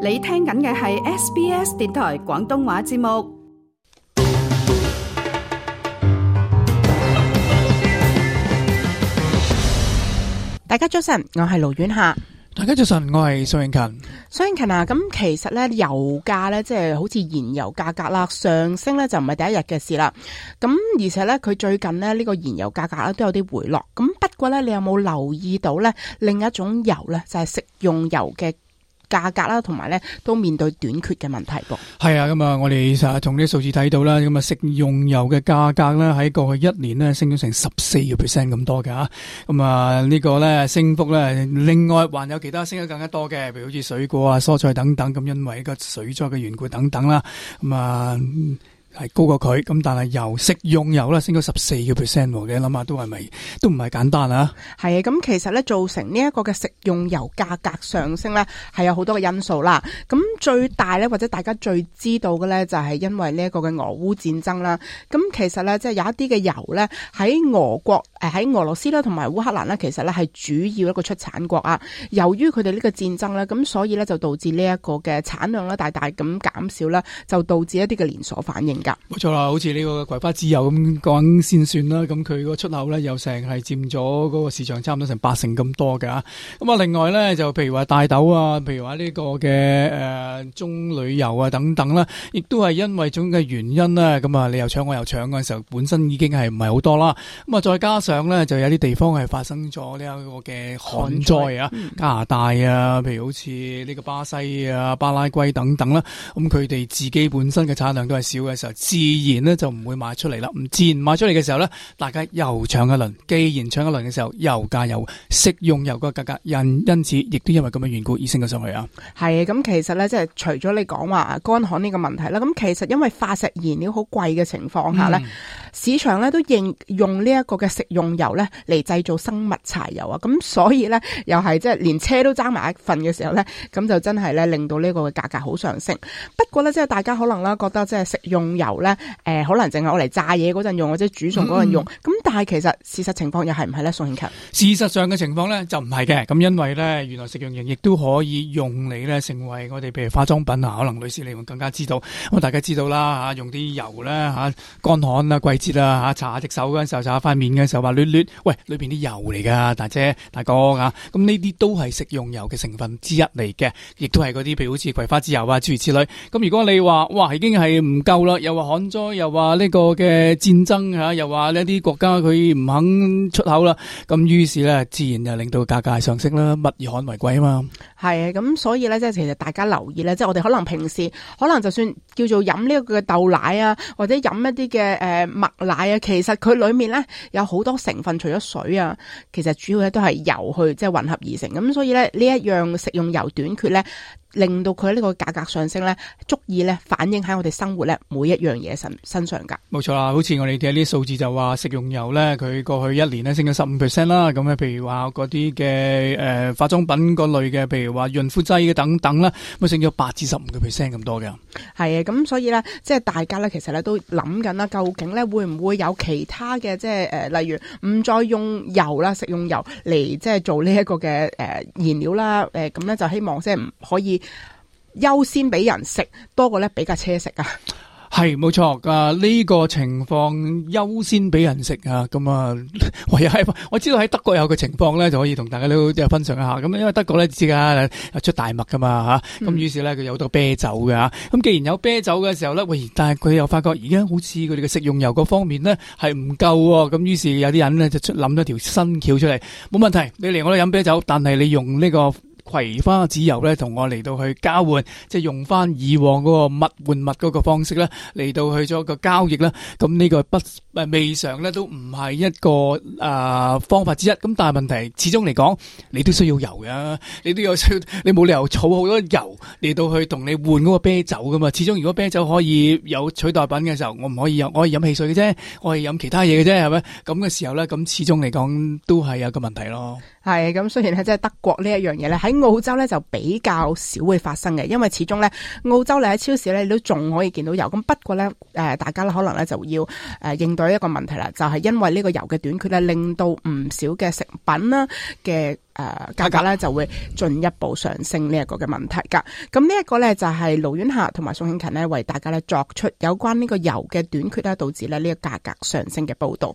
你聽緊嘅係 SBS 電台廣東話節目。大家早晨，我係盧遠霞。大家早晨，我係蘇永勤。蘇永勤啊，咁其實咧，油價咧，即係好似燃油價格啦，上升咧就唔係第一日嘅事啦。咁而且咧，佢最近咧呢個燃油價格咧都有啲回落。咁不過咧，你有冇留意到咧另一種油咧，就係、是、食用油嘅？價格啦，同埋咧都面對短缺嘅問題噉。係啊，咁啊，我哋啊從呢啲數字睇到啦，咁啊食用油嘅價格啦，喺過去一年呢升咗成十四個 percent 咁多㗎吓，咁啊呢個咧升幅咧，另外還有其他升得更加多嘅，譬如好似水果啊、蔬菜等等，咁因為一個水災嘅緣故等等啦，咁、嗯、啊。係高過佢咁，但係油、食用油咧升咗十四個 percent 嘅，你諗下都係咪都唔係簡單啊？係啊，咁其實咧造成呢一個嘅食用油價格上升咧，係有好多嘅因素啦。咁最大咧，或者大家最知道嘅咧，就係因為呢一個嘅俄烏戰爭啦。咁其實咧，即係有一啲嘅油咧，喺俄國誒，喺俄羅斯啦同埋烏克蘭咧，其實咧係主要一個出產國啊。由於佢哋呢個戰爭咧，咁所以咧就導致呢一個嘅產量咧大大咁減少啦，就導致一啲嘅連鎖反應。.冇錯啦，好似呢個葵花籽油咁講先算啦。咁佢個出口咧又成係佔咗嗰個市場差唔多成八成咁多㗎。咁啊，另外咧就譬如話大豆啊，譬如話呢、這個嘅誒、呃、棕櫚油啊等等啦，亦都係因為種嘅原因啦。咁啊，你又搶我又搶嘅時候，本身已經係唔係好多啦。咁啊，再加上咧就有啲地方係發生咗呢一個嘅旱災啊，災嗯、加拿大啊，譬如好似呢個巴西啊、巴拉圭等等啦，咁佢哋自己本身嘅產量都係少嘅時候。自然呢就唔會賣出嚟啦，唔自然賣出嚟嘅時候呢，大家又搶一輪。既然搶一輪嘅時候，油價油，食用油嘅價格，格，人因，因此亦都因為咁嘅緣故而升咗上去啊。係，咁其實呢，即係除咗你講話乾旱呢個問題啦，咁其實因為化石燃料好貴嘅情況下呢，嗯，市場呢都應用呢一個嘅食用油呢嚟製造生物柴油啊。咁所以呢，又係即係連車都爭埋一份嘅時候呢，咁就真係呢令到呢個嘅價格好上升。不過呢，即係大家可能啦覺得即係食用。油咧，誒、呃、可能淨係我嚟炸嘢嗰陣用，或者煮餸嗰陣用，咁、嗯。但係其實事實情況又係唔係咧？宋慶強，事實上嘅情況咧就唔係嘅，咁因為咧原來食用油亦都可以用嚟咧成為我哋譬如化妝品啊，可能女士你會更加知道，咁大家知道啦吓，啊，用啲油咧吓，乾旱啊，季節啊吓，搽下隻手嗰陣時候，搽下塊面嘅時候話，捋捋，喂，裏邊啲油嚟噶，大姐大哥啊，咁呢啲都係食用油嘅成分之一嚟嘅，亦都係嗰啲譬如好似葵花籽油啊諸如此類。咁、啊，如果你話，哇，已經係唔夠啦，又話旱災，又話呢個嘅戰爭吓，又話呢一啲國家。佢唔肯出口啦，咁於是咧，自然就令到價格上升啦。物以罕為貴啊嘛，係啊，咁所以咧，即係其實大家留意咧，即係我哋可能平時可能就算叫做飲呢個嘅豆奶啊，或者飲一啲嘅誒麥奶啊，其實佢裡面咧有好多成分，除咗水啊，其實主要咧都係油去即係混合而成。咁所以咧，呢一樣食用油短缺咧，令到佢呢個價格上升咧，足以咧反映喺我哋生活咧每一樣嘢身身上㗎。冇錯啦，好似我哋睇啲數字就話食用油咧，佢過去一年咧升咗十五 percent 啦。咁咧，譬如話嗰啲嘅誒化妝品嗰類嘅，譬如話潤膚劑嘅等等啦，咪升咗八至十五個 percent 咁多嘅。係啊，咁、嗯、所以咧，即係大家咧，其實咧都諗緊啦，究竟咧會唔會有其他嘅即係誒例如唔再用油啦，食用油嚟即係做呢一個嘅誒燃料啦，咁、嗯、咧就希望即係唔可以。優先俾人食多過咧俾架車食啊！係冇錯噶呢個情況，優先俾人食啊！咁、嗯、啊，唯有我知道喺德國有個情況咧，就可以同大家都即係分享一下。咁因為德國咧知噶出大麥噶嘛吓，咁於是咧佢有好多啤酒㗎。咁、啊啊、既然有啤酒嘅時候咧，喂，但係佢又發覺而家好似佢哋嘅食用油嗰方面呢，係唔夠咁，於、啊啊啊、是有啲人呢，就出諗咗條新橋出嚟。冇問題，你嚟我度飲啤酒，但係你用呢、這個。葵花籽油咧，同我嚟到去交換，即係用翻以往嗰個物換物嗰個方式咧，嚟到去咗個交易啦，咁、這、呢個不未嘗咧，都唔係一個啊、呃、方法之一。咁但係問題始終嚟講，你都需要油㗎，你都有需要你冇理由儲好多油嚟到去同你換嗰個啤酒噶嘛。始終如果啤酒可以有取代品嘅時候，我唔可以有，我可以飲汽水嘅啫，我可以飲其他嘢嘅啫，係咪？咁嘅時候咧，咁始終嚟講都係有個問題咯。係，咁，雖然即係德國呢一樣嘢咧，喺澳洲咧就比較少會發生嘅，因為始終咧澳洲你喺超市咧，你都仲可以見到油。咁不過咧，誒、呃、大家咧可能咧就要誒、呃、應對一個問題啦，就係、是、因為呢個油嘅短缺咧，令到唔少嘅食品啦嘅誒價格咧就會進一步上升呢一個嘅問題噶。咁呢一個咧就係盧遠霞同埋宋慶勤呢為大家咧作出有關呢個油嘅短缺咧導致咧呢個價格上升嘅報道。